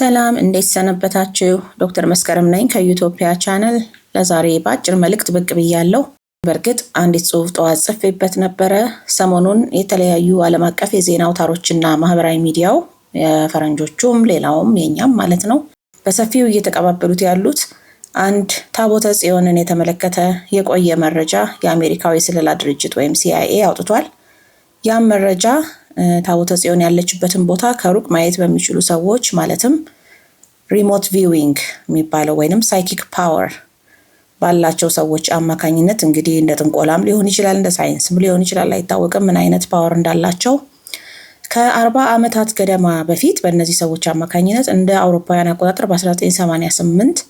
ሰላም እንዴት ሰነበታችሁ? ዶክተር መስከረም ነኝ ከዩቶፒያ ቻነል። ለዛሬ በአጭር መልእክት ብቅ ብያለሁ። በእርግጥ አንዲት ጽሑፍ ጠዋት ጽፌበት ነበረ። ሰሞኑን የተለያዩ ዓለም አቀፍ የዜና አውታሮችና ማህበራዊ ሚዲያው የፈረንጆቹም ሌላውም የኛም ማለት ነው በሰፊው እየተቀባበሉት ያሉት አንድ ታቦተ ጽዮንን የተመለከተ የቆየ መረጃ የአሜሪካው የስለላ ድርጅት ወይም ሲአይኤ አውጥቷል። ያም መረጃ ታቦተ ጽዮን ያለችበትን ቦታ ከሩቅ ማየት በሚችሉ ሰዎች ማለትም ሪሞት ቪዊንግ የሚባለው ወይንም ሳይኪክ ፓወር ባላቸው ሰዎች አማካኝነት እንግዲህ እንደ ጥንቆላም ሊሆን ይችላል፣ እንደ ሳይንስም ሊሆን ይችላል። አይታወቅም ምን አይነት ፓወር እንዳላቸው። ከአርባ ዓመታት ገደማ በፊት በእነዚህ ሰዎች አማካኝነት እንደ አውሮፓውያን አቆጣጠር በ1988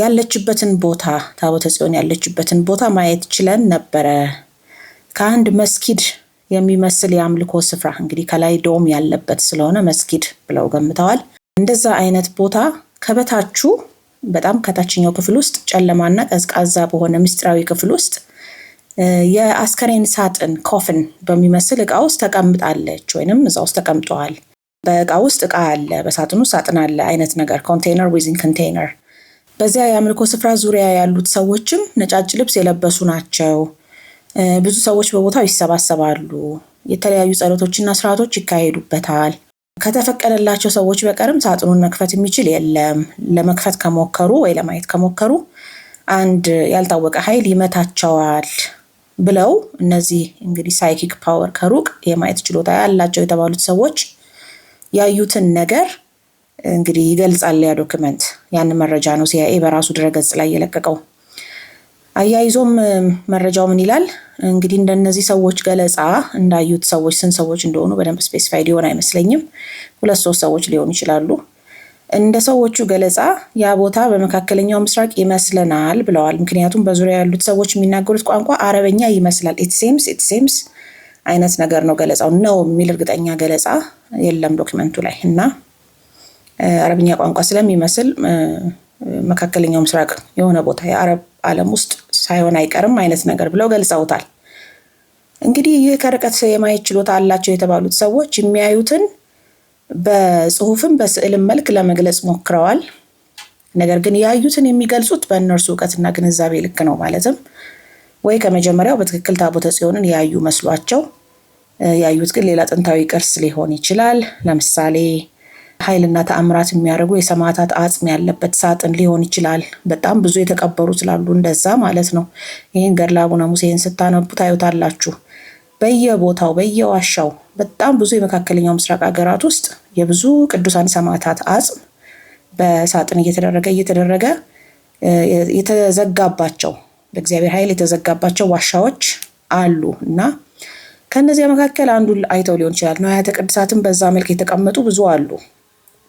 ያለችበትን ቦታ ታቦተ ጽዮን ያለችበትን ቦታ ማየት ችለን ነበረ ከአንድ መስጊድ የሚመስል የአምልኮ ስፍራ እንግዲህ ከላይ ዶም ያለበት ስለሆነ መስጊድ ብለው ገምተዋል። እንደዛ አይነት ቦታ ከበታቹ በጣም ከታችኛው ክፍል ውስጥ ጨለማና ቀዝቃዛ በሆነ ምስጢራዊ ክፍል ውስጥ የአስከሬን ሳጥን ኮፍን በሚመስል እቃ ውስጥ ተቀምጣለች ወይንም እዛ ውስጥ ተቀምጠዋል። በእቃ ውስጥ እቃ አለ፣ በሳጥኑ ሳጥን አለ አይነት ነገር ኮንቴነር ዊዝን ኮንቴነር። በዚያ የአምልኮ ስፍራ ዙሪያ ያሉት ሰዎችም ነጫጭ ልብስ የለበሱ ናቸው። ብዙ ሰዎች በቦታው ይሰባሰባሉ። የተለያዩ ጸሎቶችና ስርዓቶች ይካሄዱበታል። ከተፈቀደላቸው ሰዎች በቀርም ሳጥኑን መክፈት የሚችል የለም። ለመክፈት ከሞከሩ ወይ ለማየት ከሞከሩ አንድ ያልታወቀ ኃይል ይመታቸዋል ብለው እነዚህ እንግዲህ ሳይኪክ ፓወር ከሩቅ የማየት ችሎታ ያላቸው የተባሉት ሰዎች ያዩትን ነገር እንግዲህ ይገልጻል ያ ዶክመንት። ያን መረጃ ነው ሲያኤ በራሱ ድረገጽ ላይ የለቀቀው። አያይዞም መረጃው ምን ይላል እንግዲህ እንደነዚህ ሰዎች ገለጻ እንዳዩት ሰዎች ስንት ሰዎች እንደሆኑ በደንብ ስፔሲፋይድ ሊሆን አይመስለኝም። ሁለት ሶስት ሰዎች ሊሆኑ ይችላሉ። እንደ ሰዎቹ ገለጻ ያ ቦታ በመካከለኛው ምስራቅ ይመስለናል ብለዋል። ምክንያቱም በዙሪያ ያሉት ሰዎች የሚናገሩት ቋንቋ አረበኛ ይመስላል። ኢትሴምስ ኢትሴምስ አይነት ነገር ነው ገለጻው። ነው የሚል እርግጠኛ ገለጻ የለም ዶክመንቱ ላይ እና አረብኛ ቋንቋ ስለሚመስል መካከለኛው ምስራቅ የሆነ ቦታ የአረብ ዓለም ውስጥ ሳይሆን አይቀርም አይነት ነገር ብለው ገልጸውታል። እንግዲህ ይህ ከርቀት የማየት ችሎታ አላቸው የተባሉት ሰዎች የሚያዩትን በጽሁፍም በስዕልም መልክ ለመግለጽ ሞክረዋል። ነገር ግን ያዩትን የሚገልጹት በእነርሱ እውቀትና ግንዛቤ ልክ ነው። ማለትም ወይ ከመጀመሪያው በትክክል ታቦተ ጽዮንን ያዩ መስሏቸው ያዩት ግን ሌላ ጥንታዊ ቅርስ ሊሆን ይችላል። ለምሳሌ ኃይልና ተአምራት የሚያደርጉ የሰማዕታት አጽም ያለበት ሳጥን ሊሆን ይችላል። በጣም ብዙ የተቀበሩ ስላሉ እንደዛ ማለት ነው። ይህን ገድለ አቡነ ሙሴን ስታነቡ ታዩታላችሁ። በየቦታው በየዋሻው በጣም ብዙ የመካከለኛው ምስራቅ ሀገራት ውስጥ የብዙ ቅዱሳን ሰማዕታት አጽም በሳጥን እየተደረገ እየተደረገ የተዘጋባቸው በእግዚአብሔር ኃይል የተዘጋባቸው ዋሻዎች አሉ እና ከእነዚያ መካከል አንዱ አይተው ሊሆን ይችላል። ንዋያተ ቅድሳትን በዛ መልክ የተቀመጡ ብዙ አሉ።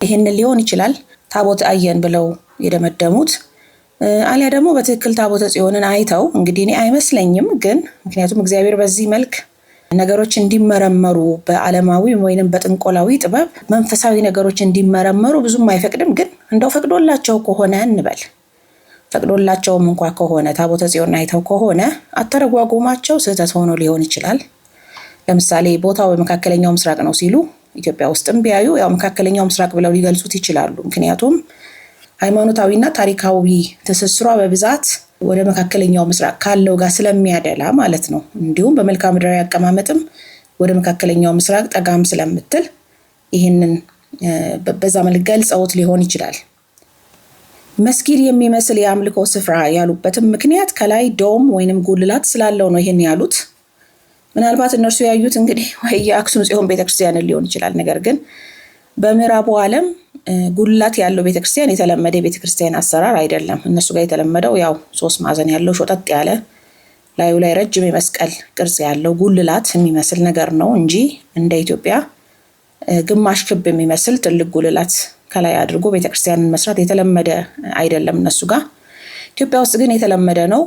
ይሄንን ሊሆን ይችላል ታቦት አየን ብለው የደመደሙት አሊያ ደግሞ በትክክል ታቦተ ጽዮንን አይተው እንግዲህ እኔ አይመስለኝም ግን ምክንያቱም እግዚአብሔር በዚህ መልክ ነገሮች እንዲመረመሩ በዓለማዊ ወይንም በጥንቆላዊ ጥበብ መንፈሳዊ ነገሮች እንዲመረመሩ ብዙም አይፈቅድም። ግን እንደው ፈቅዶላቸው ከሆነ እንበል ፈቅዶላቸውም እንኳ ከሆነ ታቦተ ጽዮን አይተው ከሆነ አተረጓጎማቸው ስህተት ሆኖ ሊሆን ይችላል። ለምሳሌ ቦታው በመካከለኛው ምስራቅ ነው ሲሉ ኢትዮጵያ ውስጥም ቢያዩ ያው መካከለኛው ምስራቅ ብለው ሊገልጹት ይችላሉ። ምክንያቱም ሃይማኖታዊና ታሪካዊ ትስስሯ በብዛት ወደ መካከለኛው ምስራቅ ካለው ጋር ስለሚያደላ ማለት ነው። እንዲሁም በመልክዓ ምድራዊ አቀማመጥም ወደ መካከለኛው ምስራቅ ጠጋም ስለምትል ይህንን በዛ መልክ ገልጸውት ሊሆን ይችላል። መስጊድ የሚመስል የአምልኮ ስፍራ ያሉበትም ምክንያት ከላይ ዶም ወይንም ጉልላት ስላለው ነው ይህን ያሉት። ምናልባት እነርሱ ያዩት እንግዲህ ወይ የአክሱም ጽዮን ቤተክርስቲያንን ሊሆን ይችላል። ነገር ግን በምዕራቡ ዓለም ጉላት ያለው ቤተክርስቲያን የተለመደ የቤተክርስቲያን አሰራር አይደለም። እነሱ ጋር የተለመደው ያው ሶስት ማዕዘን ያለው ሾጠጥ ያለ ላዩ ላይ ረጅም የመስቀል ቅርጽ ያለው ጉልላት የሚመስል ነገር ነው እንጂ እንደ ኢትዮጵያ ግማሽ ክብ የሚመስል ትልቅ ጉልላት ከላይ አድርጎ ቤተክርስቲያንን መስራት የተለመደ አይደለም እነሱ ጋር። ኢትዮጵያ ውስጥ ግን የተለመደ ነው።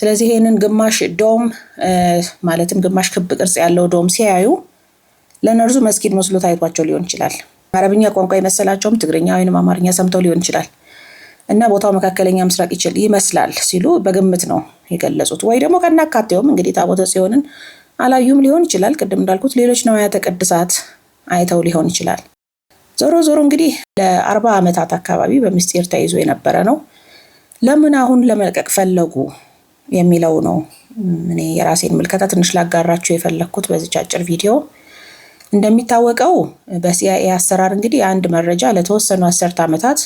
ስለዚህ ይህንን ግማሽ ዶም ማለትም ግማሽ ክብ ቅርጽ ያለው ዶም ሲያዩ ለነርዙ መስጊድ መስሎ ታይቷቸው ሊሆን ይችላል። አረብኛ ቋንቋ የመሰላቸውም ትግርኛ ወይም አማርኛ ሰምተው ሊሆን ይችላል እና ቦታው መካከለኛ ምስራቅ ይችል ይመስላል ሲሉ በግምት ነው የገለጹት። ወይ ደግሞ ከናካቴውም እንግዲህ ታቦተ ጽዮንን አላዩም ሊሆን ይችላል። ቅድም እንዳልኩት ሌሎች ነዋያተ ቅድሳት አይተው ሊሆን ይችላል። ዞሮ ዞሮ እንግዲህ ለአርባ ዓመታት አካባቢ በምስጢር ተይዞ የነበረ ነው። ለምን አሁን ለመልቀቅ ፈለጉ የሚለው ነው። እኔ የራሴን ምልከታ ትንሽ ላጋራችሁ የፈለግኩት በዚች አጭር ቪዲዮ። እንደሚታወቀው በሲአይኤ አሰራር እንግዲህ አንድ መረጃ ለተወሰኑ አስርተ ዓመታት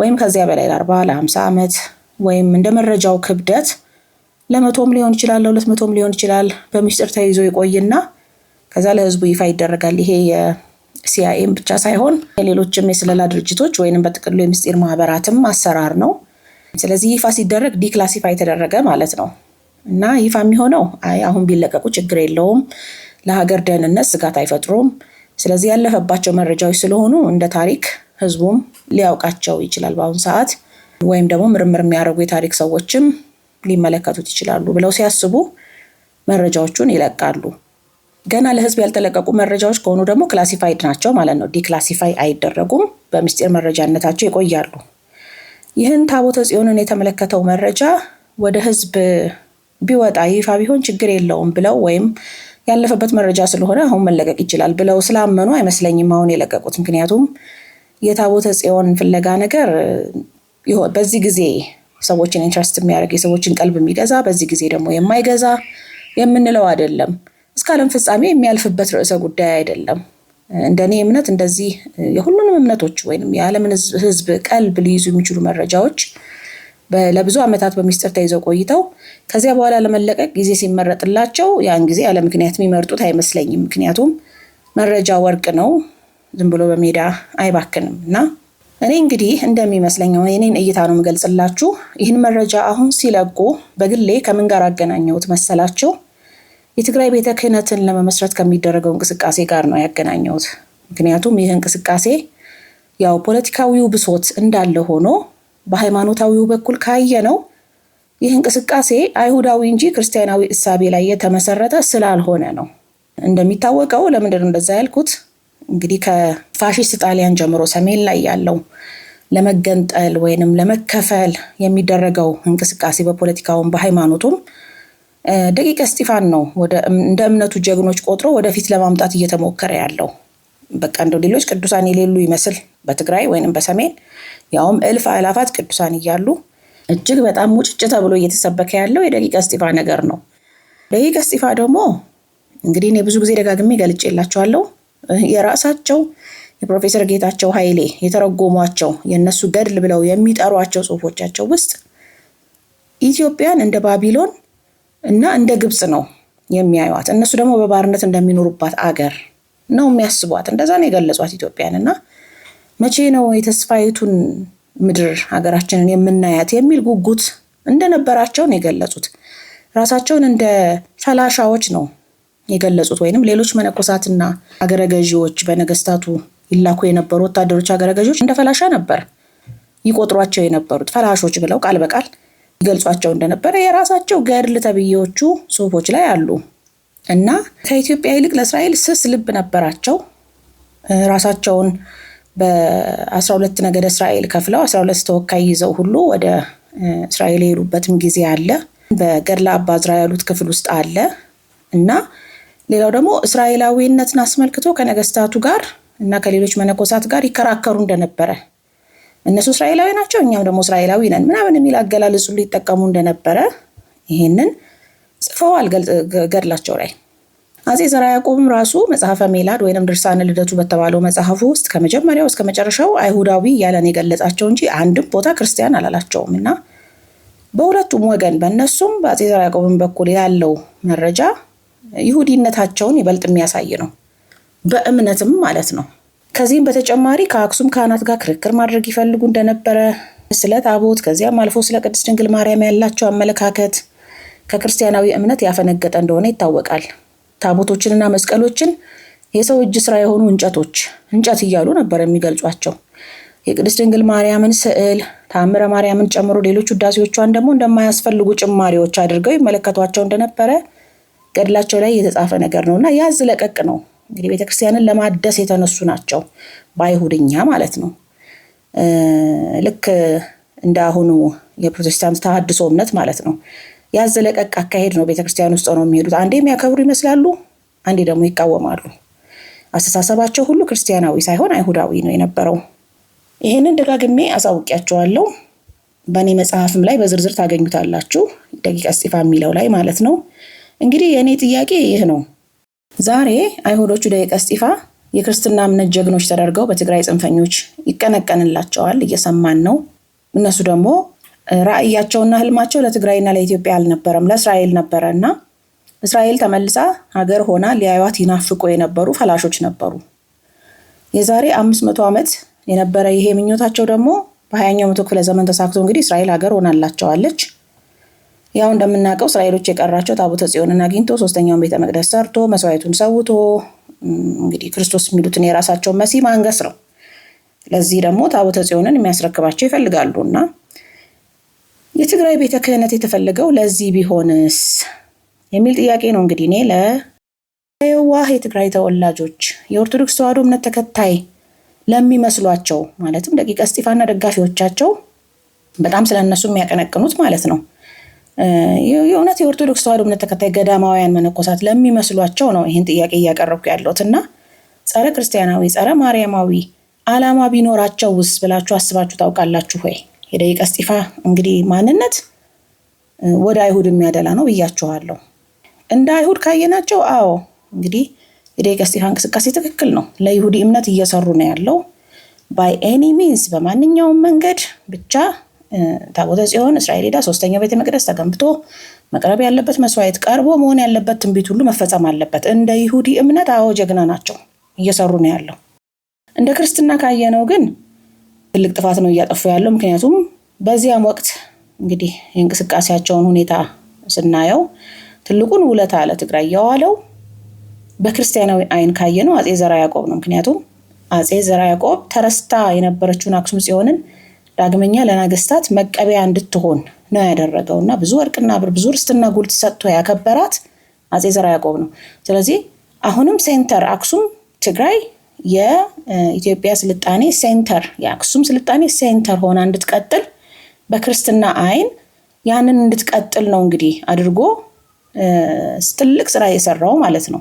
ወይም ከዚያ በላይ ለአርባ ለአምሳ ዓመት ወይም እንደ መረጃው ክብደት ለመቶም ሊሆን ይችላል ለሁለት መቶም ሊሆን ይችላል በሚስጥር ተይዞ ይቆይና ከዛ ለህዝቡ ይፋ ይደረጋል። ይሄ የሲአይኤም ብቻ ሳይሆን የሌሎችም የስለላ ድርጅቶች ወይንም በጥቅሉ የምስጢር ማህበራትም አሰራር ነው። ስለዚህ ይፋ ሲደረግ ዲክላሲፋይ የተደረገ ማለት ነው እና ይፋ የሚሆነው አይ አሁን ቢለቀቁ ችግር የለውም፣ ለሀገር ደህንነት ስጋት አይፈጥሩም፣ ስለዚህ ያለፈባቸው መረጃዎች ስለሆኑ እንደ ታሪክ ህዝቡም ሊያውቃቸው ይችላል በአሁኑ ሰዓት ወይም ደግሞ ምርምር የሚያደርጉ የታሪክ ሰዎችም ሊመለከቱት ይችላሉ ብለው ሲያስቡ መረጃዎቹን ይለቃሉ። ገና ለህዝብ ያልተለቀቁ መረጃዎች ከሆኑ ደግሞ ክላሲፋይድ ናቸው ማለት ነው። ዲክላሲፋይ አይደረጉም፣ በምስጢር መረጃነታቸው ይቆያሉ። ይህን ታቦተ ጽዮንን የተመለከተው መረጃ ወደ ህዝብ ቢወጣ ይፋ ቢሆን ችግር የለውም ብለው ወይም ያለፈበት መረጃ ስለሆነ አሁን መለቀቅ ይችላል ብለው ስላመኑ አይመስለኝም አሁን የለቀቁት። ምክንያቱም የታቦተ ጽዮን ፍለጋ ነገር በዚህ ጊዜ ሰዎችን ኢንትረስት የሚያደርግ የሰዎችን ቀልብ የሚገዛ በዚህ ጊዜ ደግሞ የማይገዛ የምንለው አይደለም። እስከ ዓለም ፍጻሜ የሚያልፍበት ርዕሰ ጉዳይ አይደለም። እንደ እኔ እምነት እንደዚህ የሁሉንም እምነቶች ወይም የዓለምን ሕዝብ ቀልብ ሊይዙ የሚችሉ መረጃዎች ለብዙ ዓመታት በሚስጥር ተይዘው ቆይተው ከዚያ በኋላ ለመለቀቅ ጊዜ ሲመረጥላቸው ያን ጊዜ ያለ ምክንያት የሚመርጡት አይመስለኝም። ምክንያቱም መረጃ ወርቅ ነው፣ ዝም ብሎ በሜዳ አይባክንም እና እኔ እንግዲህ እንደሚመስለኝ የኔን እይታ ነው የምገልጽላችሁ። ይህን መረጃ አሁን ሲለቁ በግሌ ከምን ጋር አገናኘሁት መሰላችሁ? የትግራይ ቤተ ክህነትን ለመመስረት ከሚደረገው እንቅስቃሴ ጋር ነው ያገናኘሁት። ምክንያቱም ይህ እንቅስቃሴ ያው ፖለቲካዊው ብሶት እንዳለ ሆኖ በሃይማኖታዊው በኩል ካየ ነው ይህ እንቅስቃሴ አይሁዳዊ እንጂ ክርስቲያናዊ እሳቤ ላይ የተመሰረተ ስላልሆነ ነው። እንደሚታወቀው ለምንድን እንደዛ ያልኩት? እንግዲህ ከፋሽስት ጣሊያን ጀምሮ ሰሜን ላይ ያለው ለመገንጠል ወይንም ለመከፈል የሚደረገው እንቅስቃሴ በፖለቲካውም በሃይማኖቱም ደቂቀ እስጢፋን ነው እንደ እምነቱ ጀግኖች ቆጥሮ ወደፊት ለማምጣት እየተሞከረ ያለው። በቃ እንደው ሌሎች ቅዱሳን የሌሉ ይመስል በትግራይ ወይንም በሰሜን ያውም እልፍ አላፋት ቅዱሳን እያሉ እጅግ በጣም ሙጭጭ ተብሎ እየተሰበከ ያለው የደቂቀ እስጢፋ ነገር ነው። ደቂቀ እስጢፋ ደግሞ እንግዲህ እኔ ብዙ ጊዜ ደጋግሜ ገልጬላቸዋለሁ። የራሳቸው የፕሮፌሰር ጌታቸው ኃይሌ የተረጎሟቸው የእነሱ ገድል ብለው የሚጠሯቸው ጽሁፎቻቸው ውስጥ ኢትዮጵያን እንደ ባቢሎን እና እንደ ግብፅ ነው የሚያዩዋት። እነሱ ደግሞ በባርነት እንደሚኖሩባት አገር ነው የሚያስቧት። እንደዛ ነው የገለጿት ኢትዮጵያን። እና መቼ ነው የተስፋይቱን ምድር ሀገራችንን የምናያት የሚል ጉጉት እንደነበራቸው ነው የገለጹት። ራሳቸውን እንደ ፈላሻዎች ነው የገለጹት። ወይንም ሌሎች መነኮሳትና አገረ ገዢዎች በነገስታቱ ይላኩ የነበሩ ወታደሮች አገረ ገዢዎች እንደ ፈላሻ ነበር ይቆጥሯቸው የነበሩት ፈላሾች ብለው ቃል በቃል ገልጿቸው እንደነበረ የራሳቸው ገድል ተብዬዎቹ ጽሁፎች ላይ አሉ እና ከኢትዮጵያ ይልቅ ለእስራኤል ስስ ልብ ነበራቸው። ራሳቸውን በአስራ ሁለት ነገድ እስራኤል ከፍለው አስራ ሁለት ተወካይ ይዘው ሁሉ ወደ እስራኤል የሄዱበትም ጊዜ አለ። በገድለ አባ ዕዝራ ያሉት ክፍል ውስጥ አለ እና ሌላው ደግሞ እስራኤላዊነትን አስመልክቶ ከነገስታቱ ጋር እና ከሌሎች መነኮሳት ጋር ይከራከሩ እንደነበረ እነሱ እስራኤላዊ ናቸው፣ እኛም ደግሞ እስራኤላዊ ነን ምናምን የሚል አገላለጹ ሊጠቀሙ እንደነበረ ይሄንን ጽፈዋል ገድላቸው ላይ። አፄ ዘርዓ ያዕቆብም ራሱ መጽሐፈ ሜላድ ወይም ድርሳነ ልደቱ በተባለው መጽሐፉ ውስጥ ከመጀመሪያው እስከ መጨረሻው አይሁዳዊ እያለን የገለጻቸው እንጂ አንድም ቦታ ክርስቲያን አላላቸውም እና በሁለቱም ወገን በእነሱም በአፄ ዘርዓ ያዕቆብም በኩል ያለው መረጃ ይሁዲነታቸውን ይበልጥ የሚያሳይ ነው፣ በእምነትም ማለት ነው። ከዚህም በተጨማሪ ከአክሱም ካህናት ጋር ክርክር ማድረግ ይፈልጉ እንደነበረ፣ ስለ ታቦት ከዚያም አልፎ ስለ ቅድስት ድንግል ማርያም ያላቸው አመለካከት ከክርስቲያናዊ እምነት ያፈነገጠ እንደሆነ ይታወቃል። ታቦቶችንና መስቀሎችን የሰው እጅ ስራ የሆኑ እንጨቶች እንጨት እያሉ ነበር የሚገልጿቸው። የቅድስት ድንግል ማርያምን ስዕል ተአምረ ማርያምን ጨምሮ ሌሎች ውዳሴዎቿን ደግሞ እንደማያስፈልጉ ጭማሪዎች አድርገው ይመለከቷቸው እንደነበረ ገድላቸው ላይ የተጻፈ ነገር ነው እና ያዝ ለቀቅ ነው እንግዲህ ቤተክርስቲያንን ለማደስ የተነሱ ናቸው በአይሁድኛ ማለት ነው። ልክ እንደ አሁኑ የፕሮቴስታንት ተሐድሶ እምነት ማለት ነው። ያዘለቀቅ አካሄድ ነው። ቤተክርስቲያን ውስጥ ነው የሚሄዱት። አንዴ የሚያከብሩ ይመስላሉ፣ አንዴ ደግሞ ይቃወማሉ። አስተሳሰባቸው ሁሉ ክርስቲያናዊ ሳይሆን አይሁዳዊ ነው የነበረው። ይህንን ደጋግሜ አሳውቂያቸዋለሁ። በእኔ መጽሐፍም ላይ በዝርዝር ታገኙታላችሁ፣ ደቂቀ እስጢፋ የሚለው ላይ ማለት ነው። እንግዲህ የእኔ ጥያቄ ይህ ነው። ዛሬ አይሁዶቹ ደቂቀ እስጢፋ የክርስትና እምነት ጀግኖች ተደርገው በትግራይ ጽንፈኞች ይቀነቀንላቸዋል፣ እየሰማን ነው። እነሱ ደግሞ ራዕያቸውና ህልማቸው ለትግራይና ለኢትዮጵያ አልነበረም፣ ለእስራኤል ነበረ እና እስራኤል ተመልሳ ሀገር ሆና ሊያዩት ይናፍቁ የነበሩ ፈላሾች ነበሩ። የዛሬ አምስት መቶ ዓመት የነበረ ይሄ ምኞታቸው ደግሞ በሀያኛው መቶ ክፍለ ዘመን ተሳክቶ እንግዲህ እስራኤል ሀገር ሆናላቸዋለች። ያው እንደምናውቀው እስራኤሎች የቀራቸው ታቦተ ጽዮንን አግኝቶ ሶስተኛውን ቤተ መቅደስ ሰርቶ መስዋዕቱን ሰውቶ እንግዲህ ክርስቶስ የሚሉትን የራሳቸውን መሲህ ማንገስ ነው። ለዚህ ደግሞ ታቦተ ጽዮንን የሚያስረክባቸው ይፈልጋሉ እና የትግራይ ቤተ ክህነት የተፈለገው ለዚህ ቢሆንስ የሚል ጥያቄ ነው። እንግዲህ እኔ ለየዋህ የትግራይ ተወላጆች የኦርቶዶክስ ተዋህዶ እምነት ተከታይ ለሚመስሏቸው ማለትም ደቂቀ እስጢፋና ደጋፊዎቻቸው በጣም ስለነሱ የሚያቀነቅኑት ማለት ነው የእውነት የኦርቶዶክስ ተዋሕዶ እምነት ተከታይ ገዳማውያን መነኮሳት ለሚመስሏቸው ነው ይህን ጥያቄ እያቀረብኩ ያለሁት እና ጸረ ክርስቲያናዊ ጸረ ማርያማዊ አላማ ቢኖራቸው ውስጥ ብላችሁ አስባችሁ ታውቃላችሁ ወይ? የደቂቀ እስጢፋ እንግዲህ ማንነት ወደ አይሁድ የሚያደላ ነው ብያችኋለሁ። እንደ አይሁድ ካየናቸው፣ አዎ እንግዲህ የደቂቀ እስጢፋ እንቅስቃሴ ትክክል ነው። ለይሁዲ እምነት እየሰሩ ነው ያለው ባይ ኤኒ ሚንስ፣ በማንኛውም መንገድ ብቻ ታቦተ ጽዮን እስራኤል ሄዳ ሶስተኛው ቤተ መቅደስ ተገንብቶ መቅረብ ያለበት መስዋዕት ቀርቦ መሆን ያለበት ትንቢት ሁሉ መፈጸም አለበት። እንደ ይሁዲ እምነት አዎ ጀግና ናቸው፣ እየሰሩ ነው ያለው። እንደ ክርስትና ካየነው ግን ትልቅ ጥፋት ነው እያጠፉ ያለው። ምክንያቱም በዚያም ወቅት እንግዲህ የእንቅስቃሴያቸውን ሁኔታ ስናየው ትልቁን ውለታ ለትግራይ የዋለው በክርስቲያናዊ አይን ካየነው አፄ ዘራ ያዕቆብ ነው። ምክንያቱም አፄ ዘራ ያዕቆብ ተረስታ የነበረችውን አክሱም ጽዮንን ዳግመኛ ለነገስታት መቀበያ እንድትሆን ነው ያደረገው እና ብዙ ወርቅና ብር ብዙ ርስትና ጉልት ሰጥቶ ያከበራት አጼ ዘርዓ ያዕቆብ ነው። ስለዚህ አሁንም ሴንተር አክሱም ትግራይ የኢትዮጵያ ስልጣኔ ሴንተር የአክሱም ስልጣኔ ሴንተር ሆና እንድትቀጥል በክርስትና አይን ያንን እንድትቀጥል ነው እንግዲህ አድርጎ ትልቅ ስራ የሰራው ማለት ነው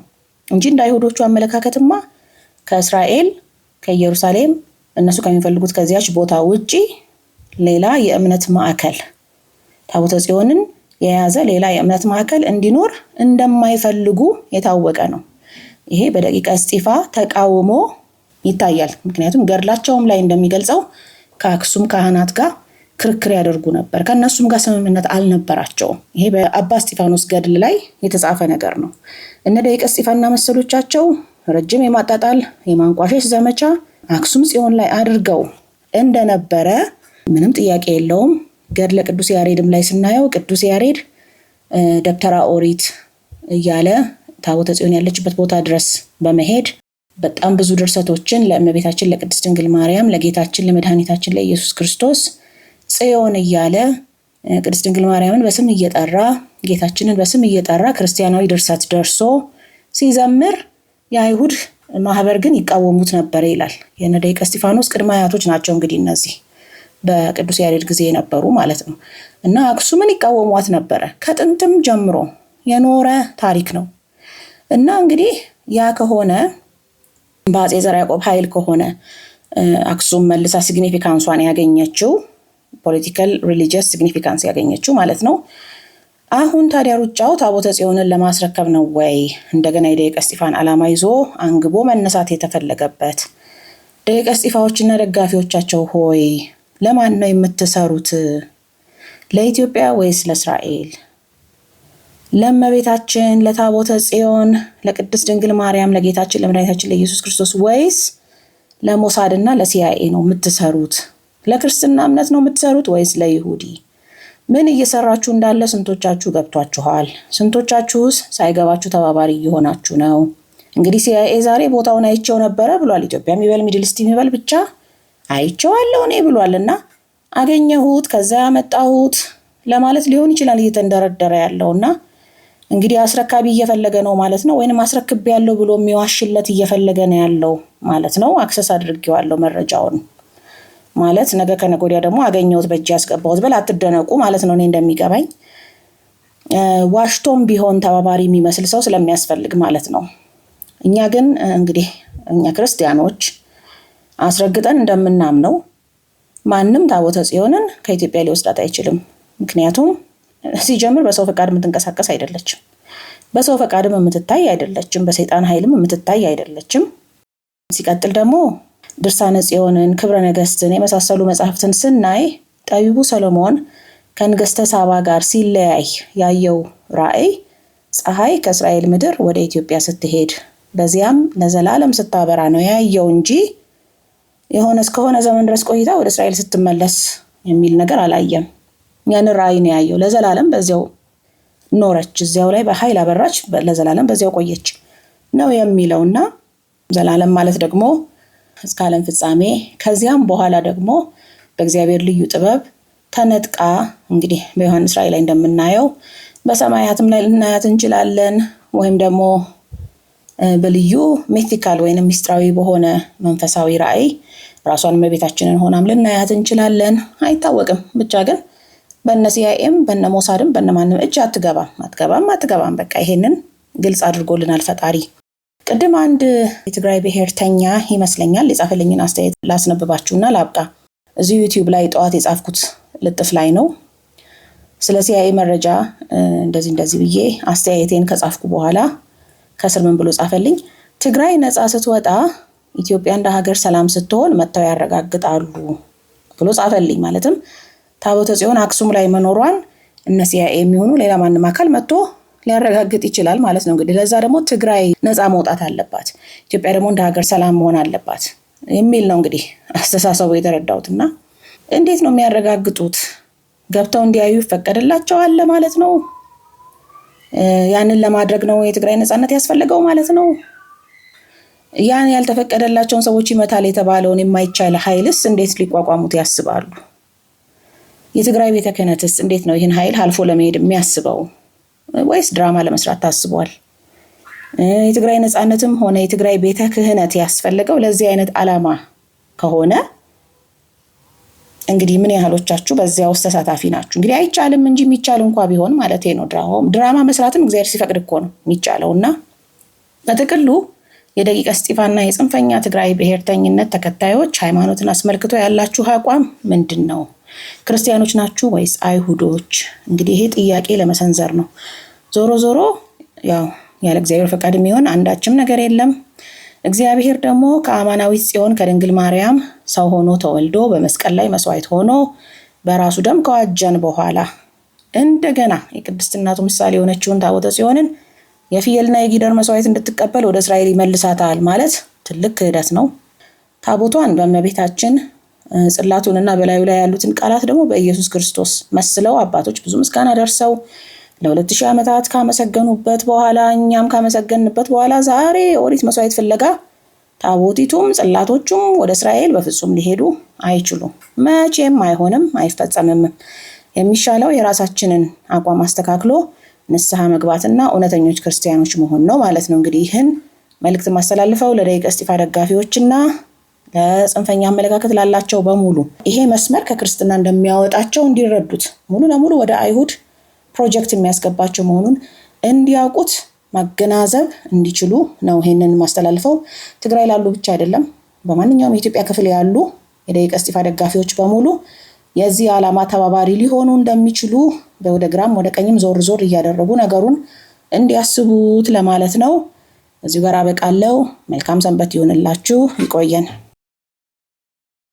እንጂ እንደ አይሁዶቹ አመለካከትማ ከእስራኤል ከኢየሩሳሌም እነሱ ከሚፈልጉት ከዚያች ቦታ ውጪ ሌላ የእምነት ማዕከል ታቦተ ጽዮንን የያዘ ሌላ የእምነት ማዕከል እንዲኖር እንደማይፈልጉ የታወቀ ነው። ይሄ በደቂቀ እስጢፋ ተቃውሞ ይታያል። ምክንያቱም ገድላቸውም ላይ እንደሚገልጸው ከአክሱም ካህናት ጋር ክርክር ያደርጉ ነበር። ከእነሱም ጋር ስምምነት አልነበራቸውም። ይሄ በአባ እስጢፋኖስ ገድል ላይ የተጻፈ ነገር ነው። እነ ደቂቀ እስጢፋና መሰሎቻቸው ረጅም የማጣጣል የማንቋሸሽ ዘመቻ አክሱም ጽዮን ላይ አድርገው እንደነበረ ምንም ጥያቄ የለውም። ገድለ ቅዱስ ያሬድም ላይ ስናየው ቅዱስ ያሬድ ደብተራ ኦሪት እያለ ታቦተ ጽዮን ያለችበት ቦታ ድረስ በመሄድ በጣም ብዙ ድርሰቶችን ለእመቤታችን ለቅድስት ድንግል ማርያም ለጌታችን ለመድኃኒታችን ለኢየሱስ ክርስቶስ ጽዮን እያለ ቅድስት ድንግል ማርያምን በስም እየጠራ ጌታችንን በስም እየጠራ ክርስቲያናዊ ድርሰት ደርሶ ሲዘምር የአይሁድ ማህበር ግን ይቃወሙት ነበር ይላል። የነ ደቂቀ እስጢፋኖስ ቅድመ አያቶች ናቸው እንግዲህ እነዚህ በቅዱስ ያሬድ ጊዜ የነበሩ ማለት ነው። እና አክሱምን ይቃወሟት ነበረ ከጥንትም ጀምሮ የኖረ ታሪክ ነው። እና እንግዲህ ያ ከሆነ በአፄ ዘርዓ ያዕቆብ ኃይል ከሆነ አክሱም መልሳ ሲግኒፊካንሷን ያገኘችው ፖለቲካል ሪሊጂየስ ሲግኒፊካንስ ያገኘችው ማለት ነው። አሁን ታዲያ ሩጫው ታቦተ ጽዮንን ለማስረከብ ነው ወይ? እንደገና የደቂቀ እስጢፋን ዓላማ ይዞ አንግቦ መነሳት የተፈለገበት? ደቂቀ እስጢፋዎችና ደጋፊዎቻቸው ሆይ ለማን ነው የምትሰሩት? ለኢትዮጵያ ወይስ ለእስራኤል? ለእመቤታችን ለታቦተ ጽዮን ለቅድስት ድንግል ማርያም ለጌታችን ለመድኃኒታችን ለኢየሱስ ክርስቶስ ወይስ ለሞሳድና ለሲአይኤ ነው የምትሰሩት? ለክርስትና እምነት ነው የምትሰሩት ወይስ ለይሁዲ ምን እየሰራችሁ እንዳለ ስንቶቻችሁ ገብቷችኋል? ስንቶቻችሁስ ሳይገባችሁ ተባባሪ እየሆናችሁ ነው? እንግዲህ ሲአይኤ ዛሬ ቦታውን አይቸው ነበረ ብሏል። ኢትዮጵያ የሚበል ሚድል ኢስት የሚበል ብቻ አይቸዋለሁ እኔ ብሏል። እና አገኘሁት፣ ከዛ ያመጣሁት ለማለት ሊሆን ይችላል እየተንደረደረ ያለው እና እንግዲህ አስረካቢ እየፈለገ ነው ማለት ነው። ወይንም አስረክቤ ያለው ብሎ የሚዋሽለት እየፈለገ ነው ያለው ማለት ነው። አክሰስ አድርጌዋለሁ መረጃውን ማለት ነገ ከነገ ወዲያ ደግሞ አገኘሁት በእጅ ያስገባሁት ብል አትደነቁ ማለት ነው። እኔ እንደሚገባኝ ዋሽቶም ቢሆን ተባባሪ የሚመስል ሰው ስለሚያስፈልግ ማለት ነው። እኛ ግን እንግዲህ እኛ ክርስቲያኖች አስረግጠን እንደምናምነው ማንም ታቦተ ጽዮንን ከኢትዮጵያ ሊወስዳት አይችልም። ምክንያቱም ሲጀምር በሰው ፈቃድ የምትንቀሳቀስ አይደለችም። በሰው ፈቃድም የምትታይ አይደለችም። በሰይጣን ኃይልም የምትታይ አይደለችም። ሲቀጥል ደግሞ ድርሳነ ጽዮንን፣ ክብረ ነገስትን የመሳሰሉ መጽሐፍትን ስናይ ጠቢቡ ሰሎሞን ከንግስተ ሳባ ጋር ሲለያይ ያየው ራእይ ፀሐይ ከእስራኤል ምድር ወደ ኢትዮጵያ ስትሄድ በዚያም ለዘላለም ስታበራ ነው ያየው እንጂ የሆነ እስከሆነ ዘመን ድረስ ቆይታ ወደ እስራኤል ስትመለስ የሚል ነገር አላየም። ያን ራእይ ነው ያየው። ለዘላለም በዚያው ኖረች፣ እዚያው ላይ በኃይል አበራች፣ ለዘላለም በዚያው ቆየች ነው የሚለው እና ዘላለም ማለት ደግሞ እስከ ዓለም ፍጻሜ ከዚያም በኋላ ደግሞ በእግዚአብሔር ልዩ ጥበብ ተነጥቃ እንግዲህ በዮሐንስ ራእይ ላይ እንደምናየው በሰማያትም ላይ ልናያት እንችላለን። ወይም ደግሞ በልዩ ሜቲካል ወይም ሚስጥራዊ በሆነ መንፈሳዊ ራእይ ራሷን እመቤታችንን ሆናም ልናያት እንችላለን። አይታወቅም። ብቻ ግን በነ ሲአይኤም በነ ሞሳድም በነ ማንም እጅ አትገባም፣ አትገባም፣ አትገባም። በቃ ይሄንን ግልጽ አድርጎልናል ፈጣሪ። ቅድም አንድ የትግራይ ብሔርተኛ ይመስለኛል የጻፈልኝን አስተያየት ላስነብባችሁና ላብቃ። እዚሁ ዩቲዩብ ላይ ጠዋት የጻፍኩት ልጥፍ ላይ ነው። ስለ ሲአይኤ መረጃ እንደዚህ እንደዚህ ብዬ አስተያየቴን ከጻፍኩ በኋላ ከስር ምን ብሎ ጻፈልኝ? ትግራይ ነፃ ስትወጣ ኢትዮጵያ እንደ ሀገር ሰላም ስትሆን መጥተው ያረጋግጣሉ ብሎ ጻፈልኝ። ማለትም ታቦተ ጽዮን አክሱም ላይ መኖሯን እነ ሲአይኤ የሚሆኑ ሌላ ማንም አካል መጥቶ ሊያረጋግጥ ይችላል ማለት ነው። እንግዲህ ለዛ ደግሞ ትግራይ ነፃ መውጣት አለባት፣ ኢትዮጵያ ደግሞ እንደ ሀገር ሰላም መሆን አለባት የሚል ነው እንግዲህ አስተሳሰቡ የተረዳሁት። እና እንዴት ነው የሚያረጋግጡት? ገብተው እንዲያዩ ይፈቀድላቸዋል ማለት ነው። ያንን ለማድረግ ነው የትግራይ ነፃነት ያስፈለገው ማለት ነው። ያን ያልተፈቀደላቸውን ሰዎች ይመታል የተባለውን የማይቻል ኃይልስ እንዴት ሊቋቋሙት ያስባሉ? የትግራይ ቤተ ክህነትስ እንዴት ነው ይህን ኃይል አልፎ ለመሄድ የሚያስበው? ወይስ ድራማ ለመስራት ታስቧል? የትግራይ ነፃነትም ሆነ የትግራይ ቤተ ክህነት ያስፈለገው ለዚህ አይነት አላማ ከሆነ እንግዲህ ምን ያህሎቻችሁ በዚያ ውስጥ ተሳታፊ ናችሁ? እንግዲህ አይቻልም እንጂ የሚቻል እንኳ ቢሆን ማለት ነው። ድራማ መስራትም እግዚአብሔር ሲፈቅድ እኮ ነው የሚቻለው እና በጥቅሉ የደቂቀ እስጢፋና የጽንፈኛ ትግራይ ብሔርተኝነት ተከታዮች ሃይማኖትን አስመልክቶ ያላችሁ አቋም ምንድን ነው? ክርስቲያኖች ናችሁ ወይስ አይሁዶች? እንግዲህ ይሄ ጥያቄ ለመሰንዘር ነው። ዞሮ ዞሮ ያው ያለ እግዚአብሔር ፈቃድ የሚሆን አንዳችም ነገር የለም። እግዚአብሔር ደግሞ ከአማናዊት ጽዮን ከድንግል ማርያም ሰው ሆኖ ተወልዶ በመስቀል ላይ መስዋዕት ሆኖ በራሱ ደም ከዋጀን በኋላ እንደገና የቅድስት እናቱ ምሳሌ የሆነችውን ታቦተ ጽዮንን የፍየልና የጊደር መስዋዕት እንድትቀበል ወደ እስራኤል ይመልሳታል ማለት ትልቅ ክህደት ነው። ታቦቷን በእመቤታችን ጽላቱንና በላዩ ላይ ያሉትን ቃላት ደግሞ በኢየሱስ ክርስቶስ መስለው አባቶች ብዙ ምስጋና ደርሰው ለሁለት ሺህ ዓመታት ካመሰገኑበት በኋላ እኛም ካመሰገንበት በኋላ ዛሬ ኦሪት መስዋዕት ፍለጋ ታቦቲቱም ጽላቶቹም ወደ እስራኤል በፍጹም ሊሄዱ አይችሉም። መቼም አይሆንም፣ አይፈጸምም። የሚሻለው የራሳችንን አቋም አስተካክሎ ንስሐ መግባትና እውነተኞች ክርስቲያኖች መሆን ነው ማለት ነው። እንግዲህ ይህን መልእክት ማስተላልፈው ለደቂቀ እስጢፋ ደጋፊዎችና ለጽንፈኛ አመለካከት ላላቸው በሙሉ ይሄ መስመር ከክርስትና እንደሚያወጣቸው እንዲረዱት ሙሉ ለሙሉ ወደ አይሁድ ፕሮጀክት የሚያስገባቸው መሆኑን እንዲያውቁት ማገናዘብ እንዲችሉ ነው ይሄንን ማስተላልፈው። ትግራይ ላሉ ብቻ አይደለም፣ በማንኛውም የኢትዮጵያ ክፍል ያሉ የደቂቀ እስጢፋ ደጋፊዎች በሙሉ የዚህ ዓላማ ተባባሪ ሊሆኑ እንደሚችሉ ወደ ግራም ወደ ቀኝም ዞር ዞር እያደረጉ ነገሩን እንዲያስቡት ለማለት ነው። እዚሁ ጋር አበቃለሁ። መልካም ሰንበት ይሆንላችሁ። ይቆየን።